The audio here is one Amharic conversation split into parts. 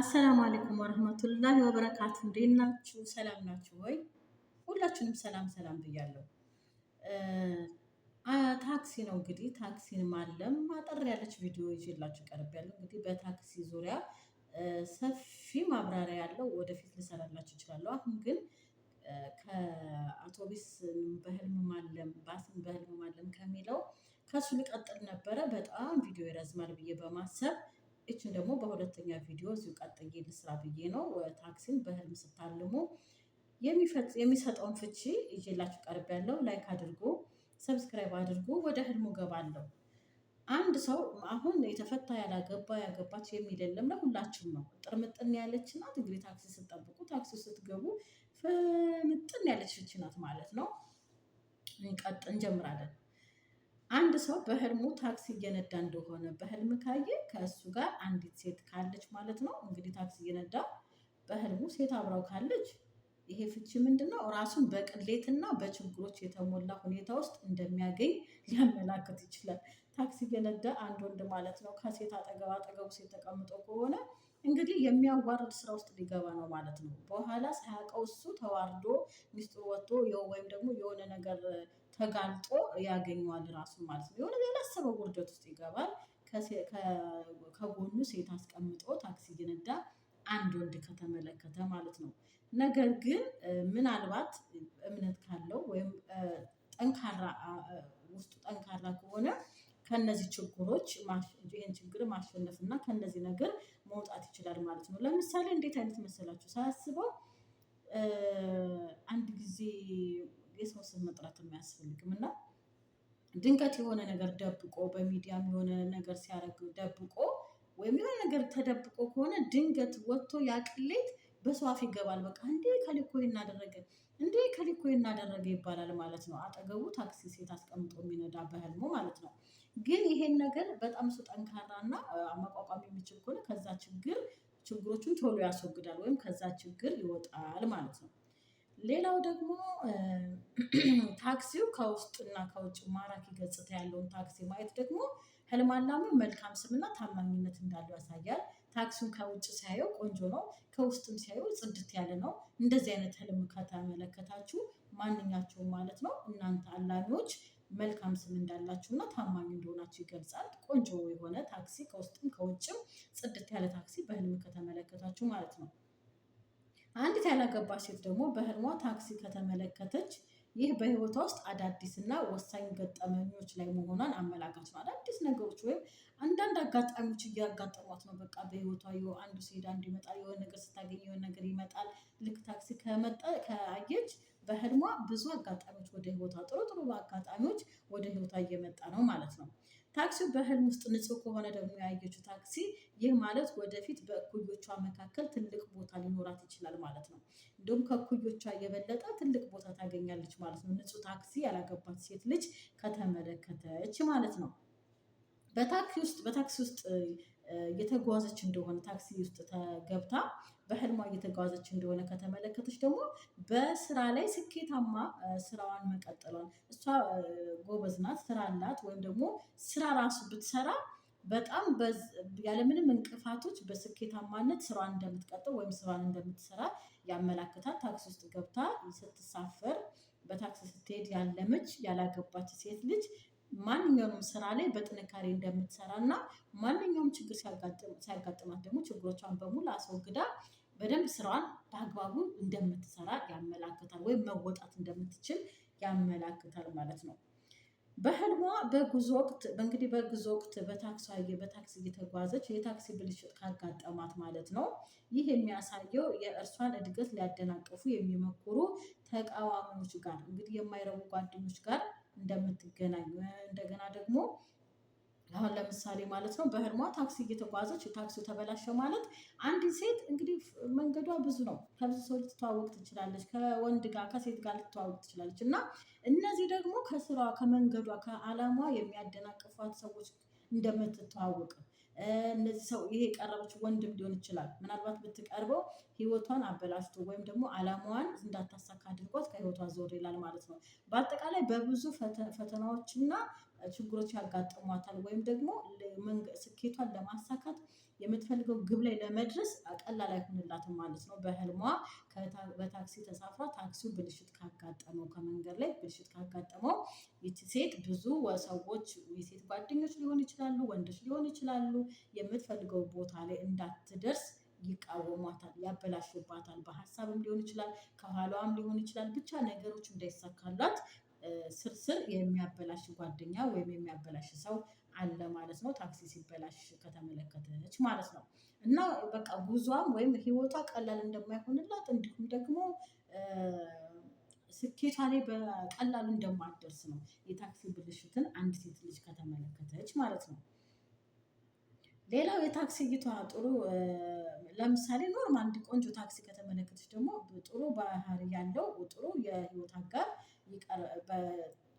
አሰላሙ አለይኩም ወረህመቱላሂ ወበረካቱ። እንዴት ናችሁ? ሰላም ናችሁ ወይ? ሁላችሁንም ሰላም ሰላም ብያለሁ። ታክሲ ነው እንግዲህ ታክሲን ማለም አጠር ያለች ቪዲዮ ይዤላችሁ ቀርቤያለሁ። እንግዲህ በታክሲ ዙሪያ ሰፊ ማብራሪያ ያለው ወደፊት ልሰራላችሁ ይችላለሁ። አሁን ግን ከአውቶቢስ በህልም ማለም ባስን በህልም ማለም ከሚለው ከሱ ልቀጥል ነበረ። በጣም ቪዲዮ ይረዝማል ብዬ በማሰብ እችን ደግሞ በሁለተኛ ቪዲዮ እዚሁ ቀጥዬ ልስራ ብዬ ነው። ታክሲን በህልም ስታልሙ የሚሰጠውን ፍቺ እየላችሁ ቀርብ ያለው ላይክ አድርጎ ሰብስክራይብ አድርጎ ወደ ህልሙ ገባለሁ። አንድ ሰው አሁን የተፈታ ያላገባ ያገባች የሚል የለም፣ ለሁላችሁም ነው። ጥርምጥን ያለች ናት። እንግዲህ ታክሲ ስትጠብቁ ታክሲ ስትገቡ ፍምጥን ያለች ፍቺ ናት ማለት ነው። ቀጥ እንጀምራለን። አንድ ሰው በህልሙ ታክሲ እየነዳ እንደሆነ በህልም ካየ ከእሱ ጋር አንዲት ሴት ካለች ማለት ነው። እንግዲህ ታክሲ እየነዳ በህልሙ ሴት አብራው ካለች ይሄ ፍቺ ምንድን ነው? ራሱን በቅሌትና በችግሮች የተሞላ ሁኔታ ውስጥ እንደሚያገኝ ሊያመላክት ይችላል። ታክሲ እየነዳ አንድ ወንድ ማለት ነው ከሴት አጠገብ አጠገቡ ሴት ተቀምጦ ከሆነ እንግዲህ የሚያዋርድ ስራ ውስጥ ሊገባ ነው ማለት ነው። በኋላ ሳያውቀው እሱ ተዋርዶ ሚስጥሩ ወጥቶ ወይም ደግሞ የሆነ ነገር ተጋልጦ ያገኘዋል ራሱ ማለት ነው። የሆነ ያላሰበው ውርደት ውስጥ ይገባል። ከጎኑ ሴት አስቀምጦ ታክሲ እየነዳ አንድ ወንድ ከተመለከተ ማለት ነው። ነገር ግን ምናልባት እምነት ካለው ወይም ጠንካራ ውስጡ ጠንካራ ከሆነ ከነዚህ ችግሮች ይህን ችግር ማሸነፍ እና ከነዚህ ነገር መውጣት ይችላል ማለት ነው። ለምሳሌ እንዴት አይነት መሰላችሁ ሳያስበው አንድ ጊዜ የሰው ስም መጥራት የሚያስፈልግም እና ድንገት የሆነ ነገር ደብቆ በሚዲያም የሆነ ነገር ሲያደርግ ደብቆ ወይም የሆነ ነገር ተደብቆ ከሆነ ድንገት ወጥቶ ያቅሌት በሰው አፍ ይገባል። በቃ እንዴ ከሊኮ እናደረገ እንዴ ከሊኮ እናደረገ ይባላል ማለት ነው። አጠገቡ ታክሲ ሴት አስቀምጦ የሚነዳ በህልሙ ማለት ነው። ግን ይሄን ነገር በጣም እሱ ጠንካራና መቋቋም የሚችል ከሆነ ከዛ ችግር ችግሮቹን ቶሎ ያስወግዳል ወይም ከዛ ችግር ይወጣል ማለት ነው። ሌላው ደግሞ ታክሲው ከውስጥ እና ከውጭ ማራኪ ገጽታ ያለውን ታክሲ ማየት ደግሞ ህልም አላሚው መልካም ስምና ታማኝነት እንዳለው ያሳያል። ታክሲውን ከውጭ ሲያየው ቆንጆ ነው፣ ከውስጥም ሲያየው ጽድት ያለ ነው። እንደዚህ አይነት ህልም ከተመለከታችሁ ማንኛቸውም ማለት ነው እናንተ አላሚዎች መልካም ስም እንዳላችሁ እና ታማኝ እንደሆናችሁ ይገልጻል። ቆንጆ የሆነ ታክሲ ከውስጥም ከውጭም ጽድት ያለ ታክሲ በህልም ከተመለከታችሁ ማለት ነው። አንዲት ያላገባች ሴት ደግሞ በህልሟ ታክሲ ከተመለከተች ይህ በህይወቷ ውስጥ አዳዲስ እና ወሳኝ ገጠመኞች ላይ መሆኗን አመላካች ነው። አዳዲስ ነገሮች ወይም አንዳንድ አጋጣሚዎች እያጋጠሟት ነው። በቃ በህይወቷ አንዱ ሲሄድ አንዱ ይመጣል። የሆነ ነገር ስታገኝ የሆነ ነገር ይመጣል። ልክ ታክሲ ከመጣ ከአየች በህልሟ ብዙ አጋጣሚዎች ወደ ህይወቷ ጥሩ ጥሩ አጋጣሚዎች ወደ ህይወቷ እየመጣ ነው ማለት ነው። ታክሲው በህልም ውስጥ ንጹህ ከሆነ ደግሞ ያየችው ታክሲ ይህ ማለት ወደፊት በእኩዮቿ መካከል ትልቅ ቦታ ሊኖራት ይችላል ማለት ነው። እንዲሁም ከእኩዮቿ የበለጠ ትልቅ ቦታ ታገኛለች ማለት ነው። ንጹህ ታክሲ ያላገባት ሴት ልጅ ከተመለከተች ማለት ነው። በታክሲ ውስጥ በታክሲ ውስጥ የተጓዘች እንደሆነ ታክሲ ውስጥ ተገብታ በህልሟ እየተጓዘች እንደሆነ ከተመለከተች ደግሞ በስራ ላይ ስኬታማ ስራዋን መቀጠሏል። እሷ ጎበዝ ናት፣ ስራ አላት፣ ወይም ደግሞ ስራ ራሱ ብትሰራ በጣም ያለምንም እንቅፋቶች በስኬታማነት ስራዋን እንደምትቀጥል ወይም ስራዋን እንደምትሰራ ያመላክታል። ታክሲ ውስጥ ገብታ ስትሳፈር በታክሲ ስትሄድ ያለመች ያላገባች ሴት ልጅ ማንኛውም ስራ ላይ በጥንካሬ እንደምትሰራ እና ማንኛውም ችግር ሲያጋጥማት ደግሞ ችግሮቿን በሙሉ አስወግዳ በደንብ ስራዋን በአግባቡ እንደምትሰራ ያመላክታል ወይም መወጣት እንደምትችል ያመላክታል ማለት ነው። በህልሟ በጉዞ ወቅት እንግዲህ በጉዞ ወቅት በታክሲ በታክሲ እየተጓዘች የታክሲ ብልሽት ካጋጠማት ማለት ነው። ይህ የሚያሳየው የእርሷን እድገት ሊያደናቀፉ የሚሞክሩ ተቃዋሚዎች ጋር እንግዲህ የማይረቡ ጓደኞች ጋር እንደምትገናኝ እንደገና ደግሞ አሁን ለምሳሌ ማለት ነው በህልሟ ታክሲ እየተጓዘች ታክሲው ተበላሸ ማለት አንዲት ሴት እንግዲህ መንገዷ ብዙ ነው። ከብዙ ሰው ልትተዋወቅ ትችላለች፣ ከወንድ ጋር ከሴት ጋር ልትተዋወቅ ትችላለች። እና እነዚህ ደግሞ ከስራ ከመንገዷ ከአላማ የሚያደናቅፏት ሰዎች እንደምትተዋወቅ እነዚህ ሰው ይሄ የቀረበች ወንድም ሊሆን ይችላል። ምናልባት ብትቀርበው ህይወቷን አበላሽቶ ወይም ደግሞ አላማዋን እንዳታሳካ አድርጓት ከህይወቷ ዞር ይላል ማለት ነው። በአጠቃላይ በብዙ ፈተናዎችና ችግሮች ያጋጥሟታል ወይም ደግሞ ስኬቷን ለማሳካት የምትፈልገው ግብ ላይ ለመድረስ ቀላል አይሆንላትም ማለት ነው። በህልሟ በታክሲ ተሳፍራ ታክሲው ብልሽት ካጋጠመው ከመንገድ ላይ ብልሽት ካጋጠመው ይቺ ሴት ብዙ ሰዎች የሴት ጓደኞች ሊሆኑ ይችላሉ ወንዶች ሊሆን ይችላሉ የምትፈልገው ቦታ ላይ እንዳትደርስ ይቃወሟታል ያበላሹባታል በሀሳብም ሊሆን ይችላል ከኋላዋም ሊሆን ይችላል ብቻ ነገሮች እንዳይሳካላት ስርስር የሚያበላሽ ጓደኛ ወይም የሚያበላሽ ሰው አለ ማለት ነው። ታክሲ ሲበላሽ ከተመለከተች ማለት ነው። እና በቃ ጉዟም ወይም ህይወቷ ቀላል እንደማይሆንላት እንዲሁም ደግሞ ስኬቷ ላይ በቀላሉ እንደማትደርስ ነው የታክሲ ብልሽትን አንድ ሴት ልጅ ከተመለከተች ማለት ነው። ሌላው የታክሲ እይቷ ጥሩ ለምሳሌ ኖርማል አንድ ቆንጆ ታክሲ ከተመለከተች ደግሞ ጥሩ ባህሪ ያለው ጥሩ የህይወት አጋር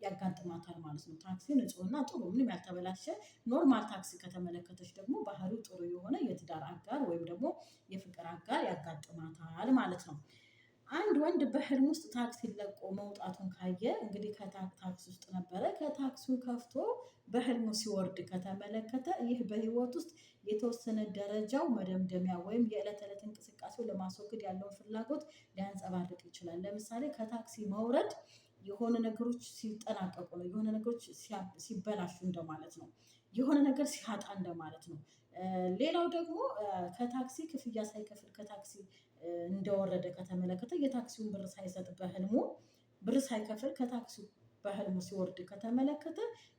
ያጋጥማታል ማለት ነው። ታክሲ ንፁህና ጥሩ ምንም ያልተበላሸ ኖርማል ታክሲ ከተመለከተች ደግሞ ባህሪው ጥሩ የሆነ የትዳር አጋር ወይም ደግሞ የፍቅር አጋር ያጋጥማታል ማለት ነው። አንድ ወንድ በህልም ውስጥ ታክሲ ለቆ መውጣቱን ካየ እንግዲህ ከታክሲ ውስጥ ነበረ ከታክሲው ከፍቶ በህልሙ ሲወርድ ከተመለከተ ይህ በህይወት ውስጥ የተወሰነ ደረጃው መደምደሚያ ወይም የዕለት ተዕለት እንቅስቃሴው ለማስወገድ ያለውን ፍላጎት ሊያንፀባርቅ ይችላል። ለምሳሌ ከታክሲ መውረድ የሆነ ነገሮች ሲጠናቀቁ ነው። የሆነ ነገሮች ሲበላሹ እንደማለት ነው። የሆነ ነገር ሲያጣ እንደማለት ነው። ሌላው ደግሞ ከታክሲ ክፍያ ሳይከፍል ከታክሲ እንደወረደ ከተመለከተ የታክሲውን ብር ሳይሰጥ በህልሙ ብር ሳይከፍል ከታክሲው በህልሙ ሲወርድ ከተመለከተ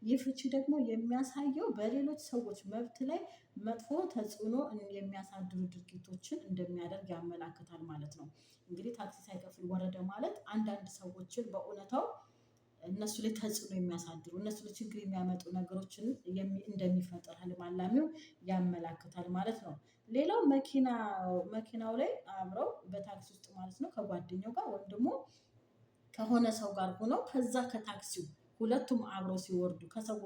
ይህ ፍቺ ደግሞ የሚያሳየው በሌሎች ሰዎች መብት ላይ መጥፎ ተጽዕኖ የሚያሳድሩ ድርጊቶችን እንደሚያደርግ ያመላክታል ማለት ነው። እንግዲህ ታክሲ ሳይከፍል ወረደ ማለት አንዳንድ ሰዎችን በእውነታው እነሱ ላይ ተጽዕኖ የሚያሳድሩ እነሱ ላይ ችግር የሚያመጡ ነገሮችን እንደሚፈጥር ህልም አላሚው ያመላክታል ማለት ነው። ሌላው መኪናው መኪናው ላይ አብረው በታክሲ ውስጥ ማለት ነው ከጓደኛው ጋር ወይም ደግሞ ከሆነ ሰው ጋር ሆነው ከዛ ከታክሲው ሁለቱም አብሮ ሲወርዱ ከሰው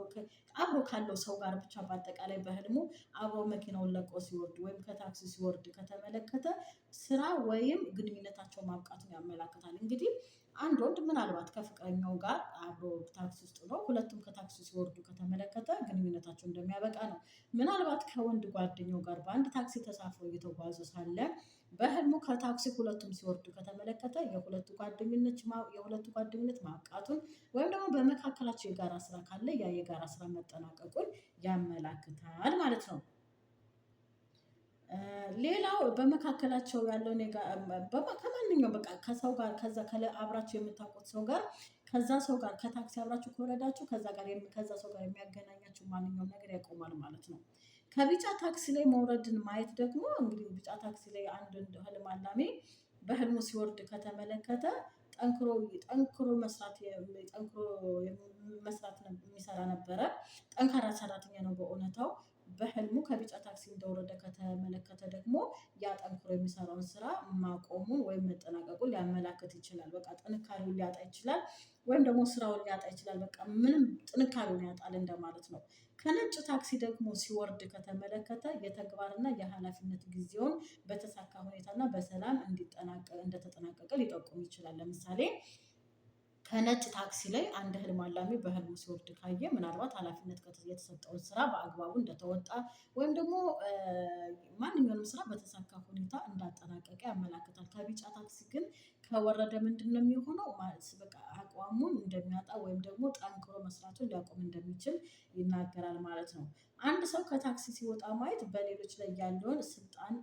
አብሮ ካለው ሰው ጋር ብቻ በአጠቃላይ በህልሙ አብሮ መኪናውን ለቆ ሲወርዱ ወይም ከታክሲ ሲወርድ ከተመለከተ ስራ ወይም ግንኙነታቸው ማብቃቱን ያመላክታል። እንግዲህ አንድ ወንድ ምናልባት ከፍቅረኛው ጋር አብሮ ታክሲ ውስጥ ነው። ሁለቱም ከታክሲ ሲወርዱ ከተመለከተ ግንኙነታቸው እንደሚያበቃ ነው። ምናልባት ከወንድ ጓደኛው ጋር በአንድ ታክሲ ተሳፍሮ እየተጓዙ ሳለ በህልሙ ከታክሲ ሁለቱም ሲወርዱ ከተመለከተ የሁለቱ ጓደኝነት የሁለቱ ጓደኝነት ማብቃቱን ወይም ደግሞ በመካከላቸው የጋራ ስራ ካለ ያ የጋራ ስራ መጠናቀቁን ያመላክታል ማለት ነው ሌላው በመካከላቸው ያለው ከማንኛው በቃ ከሰው ጋር ከዛ አብራችሁ የምታውቁት ሰው ጋር ከዛ ሰው ጋር ከታክሲ አብራችሁ ከወረዳችሁ ከዛ ጋር ከዛ ሰው ጋር የሚያገናኛችሁ ማንኛውም ነገር ያቆማል ማለት ነው። ከቢጫ ታክሲ ላይ መውረድን ማየት ደግሞ እንግዲህ ቢጫ ታክሲ ላይ አንድ ህልም አላሜ በህልሙ ሲወርድ ከተመለከተ ጠንክሮ ጠንክሮ መስራት ጠንክሮ መስራት የሚሰራ ነበረ። ጠንካራ ሰራተኛ ነው በእውነታው በህልሙ ከቢጫ ታክሲ እንደወረደ ከተመለከተ ደግሞ ያ ጠንክሮ የሚሰራውን ስራ ማቆሙን ወይም መጠናቀቁን ሊያመላክት ይችላል። በቃ ጥንካሬውን ሊያጣ ይችላል ወይም ደግሞ ስራውን ሊያጣ ይችላል። በቃ ምንም ጥንካሬውን ያጣል እንደማለት ነው። ከነጭ ታክሲ ደግሞ ሲወርድ ከተመለከተ የተግባርና የሀላፊነት ጊዜውን በተሳካ ሁኔታና በሰላም እንዲጠናቀቅ እንደተጠናቀቀ ሊጠቁም ይችላል። ለምሳሌ ከነጭ ታክሲ ላይ አንድ ህልም አላሚ በህልሙ ሲወርድ ካየ ምናልባት ኃላፊነት የተሰጠውን ስራ በአግባቡ እንደተወጣ ወይም ደግሞ ማንኛውንም ስራ በተሳካ ሁኔታ እንዳጠናቀቀ ያመላክታል። ከቢጫ ታክሲ ግን ከወረደ ምንድነው የሚሆነው? በቃ አቋሙን እንደሚያጣ ወይም ደግሞ ጠንክሮ መስራቱን ሊያቆም እንደሚችል ይናገራል ማለት ነው። አንድ ሰው ከታክሲ ሲወጣ ማየት በሌሎች ላይ ያለውን ስልጣን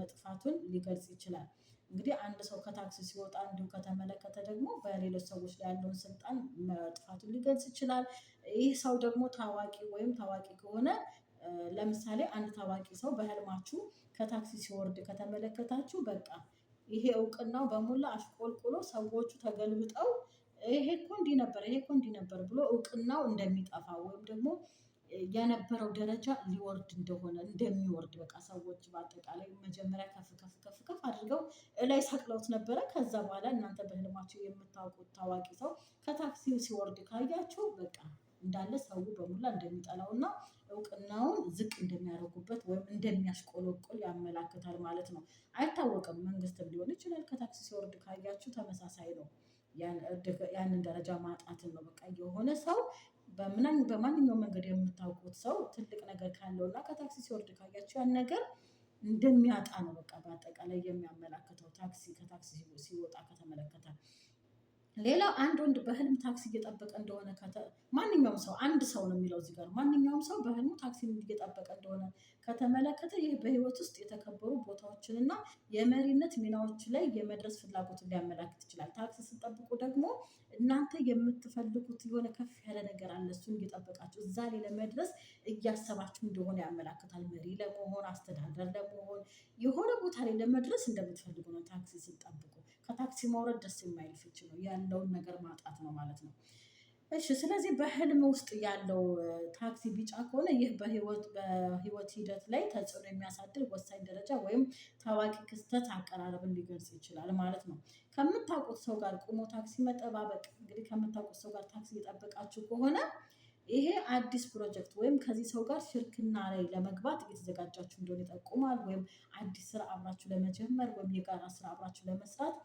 መጥፋቱን ሊገልጽ ይችላል እንግዲህ አንድ ሰው ከታክሲ ሲወጣ እንዲሁ ከተመለከተ ደግሞ በሌሎች ሰዎች ላይ ያለውን ስልጣን መጥፋቱን ሊገልጽ ይችላል። ይህ ሰው ደግሞ ታዋቂ ወይም ታዋቂ ከሆነ ለምሳሌ አንድ ታዋቂ ሰው በህልማችሁ ከታክሲ ሲወርድ ከተመለከታችሁ በቃ ይሄ እውቅናው በሙላ አሽቆልቁሎ ሰዎቹ ተገልብጠው ይሄ እኮ እንዲህ ነበር ይሄ እኮ እንዲህ ነበር ብሎ እውቅናው እንደሚጠፋ ወይም ደግሞ የነበረው ደረጃ ሊወርድ እንደሆነ እንደሚወርድ በቃ ሰዎች በአጠቃላይ መጀመሪያ ከፍ ከፍ ከፍ ከፍ አድርገው እላይ ሰቅለውት ነበረ። ከዛ በኋላ እናንተ በህልማቸው የምታውቁት ታዋቂ ሰው ከታክሲው ሲወርድ ካያችሁ በቃ እንዳለ ሰው በሙላ እንደሚጠላውና እውቅናውን ዝቅ እንደሚያደርጉበት ወይም እንደሚያሽቆለቁል ያመላክታል ማለት ነው። አይታወቅም፣ መንግስትም ሊሆን ይችላል። ከታክሲ ሲወርድ ካያችሁ ተመሳሳይ ነው። ያንን ደረጃ ማጣትን ነው። በቃ የሆነ ሰው በምናኝ በማንኛውም መንገድ የምታውቁት ሰው ትልቅ ነገር ካለው እና ከታክሲ ሲወርድ ካያቸው ያን ነገር እንደሚያጣ ነው በቃ በአጠቃላይ የሚያመላክተው ታክሲ ከታክሲ ሲወጣ ከተመለከተ። ሌላው አንድ ወንድ በህልም ታክሲ እየጠበቀ እንደሆነ ማንኛውም ሰው አንድ ሰው ነው የሚለው እዚህ ጋር ማንኛውም ሰው በህልሙ ታክሲ እየጠበቀ እንደሆነ ከተመለከተ ይህ በህይወት ውስጥ የተከበሩ ቦታዎችን እና የመሪነት ሚናዎች ላይ የመድረስ ፍላጎትን ሊያመላክት ይችላል። ታክስ ስጠብቁ ደግሞ እናንተ የምትፈልጉት የሆነ ከፍ ያለ ነገር አለ፣ እሱን እየጠበቃችሁ እዛ ላይ ለመድረስ እያሰባችሁ እንደሆነ ያመላክታል። መሪ ለመሆን አስተዳደር ለመሆን የሆነ ቦታ ላይ ለመድረስ እንደምትፈልጉ ነው። ታክሲ ስጠብቁ ከታክሲ መውረድ ደስ የማይል ፍቺ ነው፣ ያለውን ነገር ማጣት ነው ማለት ነው። እሺ ስለዚህ በህልም ውስጥ ያለው ታክሲ ቢጫ ከሆነ ይህ በህይወት በህይወት ሂደት ላይ ተጽዕኖ የሚያሳድር ወሳኝ ደረጃ ወይም ታዋቂ ክስተት አቀራረብን ሊገልጽ ይችላል ማለት ነው። ከምታውቁት ሰው ጋር ቆሞ ታክሲ መጠባበቅ እንግዲህ ከምታውቁት ሰው ጋር ታክሲ እየጠበቃችሁ ከሆነ ይሄ አዲስ ፕሮጀክት ወይም ከዚህ ሰው ጋር ሽርክና ላይ ለመግባት እየተዘጋጃችሁ እንደሆነ ይጠቁማል። ወይም አዲስ ስራ አብራችሁ ለመጀመር ወይም የጋራ ስራ አብራችሁ ለመስራት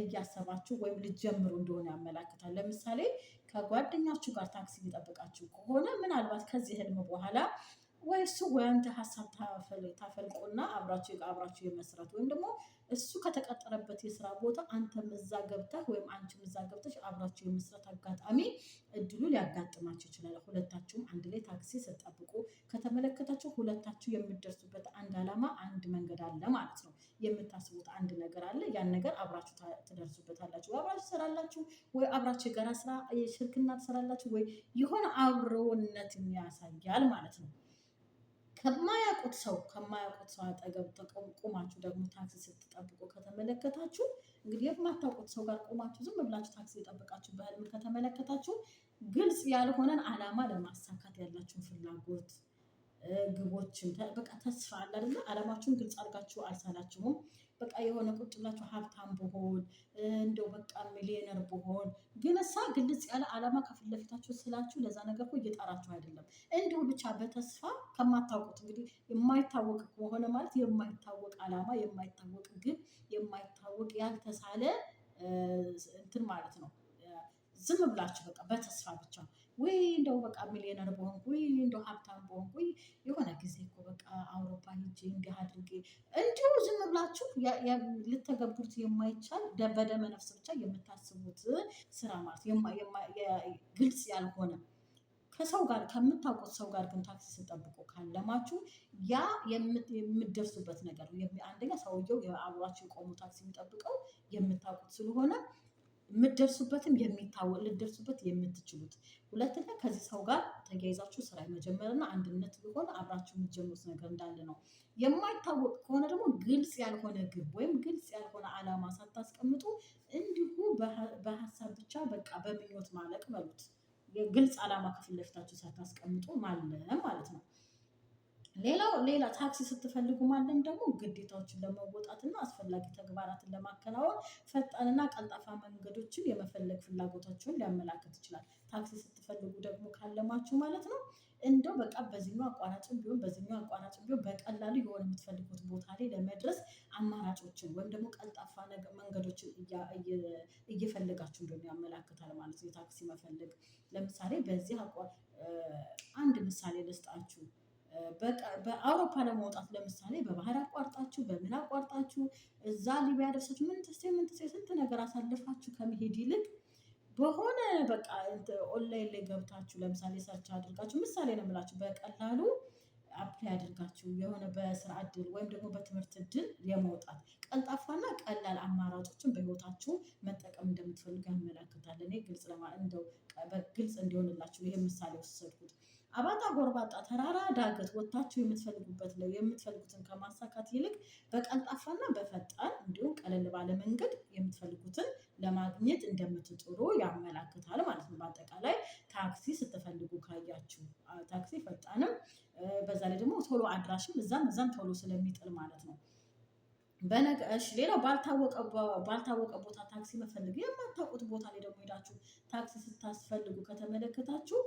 እያሰባችሁ ወይም ልጀምሩ እንደሆነ ያመላክታል። ለምሳሌ ከጓደኛችሁ ጋር ታክሲ እየጠበቃችሁ ከሆነ ምናልባት ከዚህ ህልም በኋላ ወይ እሱ ወይ አንተ ሀሳብ ታፈልቁና አብራችሁ አብራችሁ የመስራት ወይም ደግሞ እሱ ከተቀጠረበት የስራ ቦታ አንተም እዛ ገብተህ ወይም አንቺ እዛ ገብተሽ አብራችሁ የመስራት አጋጣሚ እድሉ ሊያጋጥማችሁ ይችላል። ሁለታችሁም አንድ ላይ ታክሲ ስትጠብቁ ከተመለከታችሁ ሁለታችሁ የምትደርሱበት አንድ ዓላማ አንድ መንገድ አለ ማለት ነው። የምታስቡት አንድ ነገር አለ። ያን ነገር አብራችሁ ትደርሱበታላችሁ። ወይ አብራችሁ ትሰራላችሁ፣ ወይ አብራችሁ የጋራ ስራ ሽርክና ትሰራላችሁ፣ ወይ የሆነ አብሮነት ያሳያል ማለት ነው። ከማያውቁት ሰው ከማያውቁት ሰው አጠገብ ቁማችሁ ደግሞ ታክሲ ስትጠብቁ ከተመለከታችሁ እንግዲህ የማታውቁት ሰው ጋር ቁማችሁ ዝም ብላችሁ ታክሲ የጠበቃችሁ በህልም ከተመለከታችሁ ግልጽ ያልሆነን ዓላማ ለማሳካት ያላችሁን ፍላጎት ግቦችን በቃ ተስፋ አለ አይደለ? አለማችሁን ግልጽ አድርጋችሁ አልሳላችሁም። በቃ የሆነ ቁጭ ብላችሁ ሀብታም ብሆን እንደው በቃ ሚሊዮነር ብሆን ግን እሳ ግልጽ ያለ አላማ ከፊት ለፊታችሁ ስላችሁ ለዛ ነገር እኮ እየጣራችሁ አይደለም። እንዲሁ ብቻ በተስፋ ከማታውቁት እንግዲህ የማይታወቅ ከሆነ ማለት የማይታወቅ አላማ፣ የማይታወቅ ግብ፣ የማይታወቅ ያልተሳለ እንትን ማለት ነው። ዝም ብላችሁ በቃ በተስፋ ብቻ ወይ እንደው በቃ ሚሊዮነር በሆንኩ ወይ እንደው ሀብታም በሆንኩ ወይ የሆነ ጊዜ እኮ በቃ አውሮፓ ሄጄ እንዲህ አድርጌ እንዲሁ ዝም ብላችሁ ልተገብሩት የማይቻል በደመ ነፍስ ብቻ የምታስቡት ስራ ማለት ግልጽ ያልሆነ ከሰው ጋር ከምታውቁት ሰው ጋር ግን ታክሲ ስጠብቁ ካለማችሁ ያ የምደርሱበት ነገር አንደኛ ሰውየው አብሯችሁ የቆሙ ታክሲ የሚጠብቀው የምታውቁት ስለሆነ የምትደርሱበትም የሚታወቅ ልትደርሱበት የምትችሉት። ሁለተኛ ከዚህ ሰው ጋር ተያይዛችሁ ስራ የመጀመርና አንድነት ቢሆን አብራችሁ የምትጀምሩት ነገር እንዳለ ነው። የማይታወቅ ከሆነ ደግሞ ግልጽ ያልሆነ ግብ ወይም ግልጽ ያልሆነ ዓላማ ሳታስቀምጡ እንዲሁ በሀሳብ ብቻ በቃ በምኞት ማለቅ በሉት። የግልጽ ዓላማ ከፊት ለፊታችሁ ሳታስቀምጡ ማለም ማለት ነው። ሌላው ሌላ ታክሲ ስትፈልጉ ማለም ደግሞ ግዴታዎችን ለመወጣትና አስፈላጊ ተግባራትን ለማከናወን ፈጣንና ቀልጣፋ መንገዶችን የመፈለግ ፍላጎታቸውን ሊያመላክት ይችላል። ታክሲ ስትፈልጉ ደግሞ ካለማችሁ ማለት ነው እንደው በቃ በዚህኛው አቋራጭም ቢሆን በዚህኛው አቋራጭም ቢሆን በቀላሉ የሆነ የምትፈልጉት ቦታ ላይ ለመድረስ አማራጮችን ወይም ደግሞ ቀልጣፋ መንገዶችን እየፈለጋችሁ እንደሆነ ያመላክታል ማለት ነው። የታክሲ መፈለግ ለምሳሌ በዚህ አንድ ምሳሌ ልስጣችሁ በአውሮፓ ለመውጣት ለምሳሌ በባህር አቋርጣችሁ በምን አቋርጣችሁ እዛ ሊቢያ ደርሳችሁ ምን ተስቴ ምን ስንት ነገር አሳልፋችሁ ከመሄድ ይልቅ በሆነ በቃ ኦንላይን ላይ ገብታችሁ ለምሳሌ ሰርች አድርጋችሁ ምሳሌ ነው የምላችሁ በቀላሉ አፕላይ አድርጋችሁ የሆነ በስራ እድል ወይም ደግሞ በትምህርት እድል የመውጣት ቀልጣፋና ቀላል አማራጮችን በህይወታችሁ መጠቀም እንደምትፈልጉ ያመላክታል። እኔ ግልጽ ለማ እንደው በግልጽ እንዲሆንላችሁ ይሄ ምሳሌ ወሰድኩት። አባጣ ጎርባጣ ተራራ ዳገት ወጥታችሁ የምትፈልጉበት ነው የምትፈልጉትን ከማሳካት ይልቅ በቀልጣፋና በፈጣን እንዲሁም ቀለል ባለ መንገድ የምትፈልጉትን ለማግኘት እንደምትጥሩ ያመላክታል ማለት ነው። በአጠቃላይ ታክሲ ስትፈልጉ ካያችሁ ታክሲ ፈጣንም በዛ ላይ ደግሞ ቶሎ አድራሽም እዛም እዛም ቶሎ ስለሚጥል ማለት ነው በነገሽ ሌላው ባልታወቀ ቦታ ታክሲ መፈልግ የማታውቁት ቦታ ላይ ደግሞ ሄዳችሁ ታክሲ ስታስፈልጉ ከተመለከታችሁ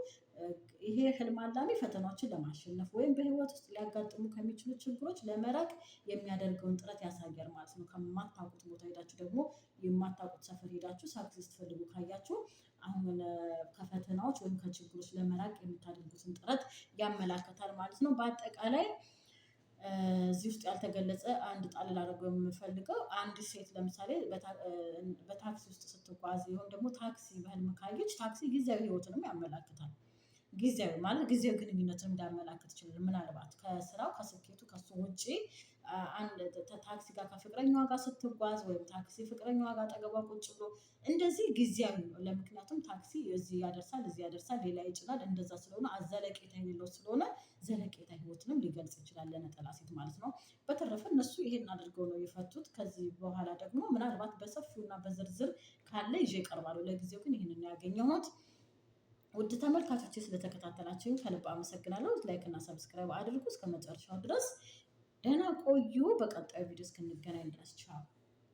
ይሄ ህልም አላሚ ፈተናዎችን ለማሸነፍ ወይም በህይወት ውስጥ ሊያጋጥሙ ከሚችሉ ችግሮች ለመራቅ የሚያደርገውን ጥረት ያሳያል ማለት ነው። ከማታውቁት ቦታ ሄዳችሁ ደግሞ የማታውቁት ሰፈር ሄዳችሁ ታክሲ ስትፈልጉ ካያችሁ አሁን ከፈተናዎች ወይም ከችግሮች ለመራቅ የምታደርጉትን ጥረት ያመላከታል ማለት ነው። በአጠቃላይ እዚህ ውስጥ ያልተገለጸ አንድ ጣል ላደርገው የምፈልገው አንድ ሴት ለምሳሌ በታክሲ ውስጥ ስትጓዝ ወይም ደግሞ ታክሲ በህልም ካየች ታክሲ ጊዜያዊ ህይወትንም ያመላክታል ጊዜያዊ ማለት ጊዜያዊ ግንኙነትን እንዳያመላክት ይችላል። ምናልባት ከስራው ከስኬቱ ከሱ ውጪ አንድ ታክሲ ጋር ከፍቅረኛዋ ጋር ስትጓዝ ወይም ታክሲ ፍቅረኛዋ ጋር አጠገቧ ቁጭ ብሎ እንደዚህ ጊዜያዊ ነው። ለምክንያቱም ታክሲ እዚህ ያደርሳል እዚህ ያደርሳል ሌላ ይጭናል እንደዛ ስለሆነ አዘለቄታ የሌለው ስለሆነ ዘለቄታ ህይወትንም ሊገልጽ ይችላል ለነጠላ ሴት ማለት ነው። በተረፈ እነሱ ይሄን አድርገው ነው የፈቱት። ከዚህ በኋላ ደግሞ ምናልባት በሰፊውና በዝርዝር ካለ ይዤ እቀርባለሁ። ለጊዜው ግን ይህን ነው ያገኘሁት ውድ ተመልካቾች ስለተከታተላችሁ ከልብ አመሰግናለሁ። ላይክ እና ሰብስክራይብ አድርጉ። እስከ መጨረሻው ድረስ ደህና ቆዩ። በቀጣዩ ቪዲዮ እስክንገናኝ ድረስ ቻው።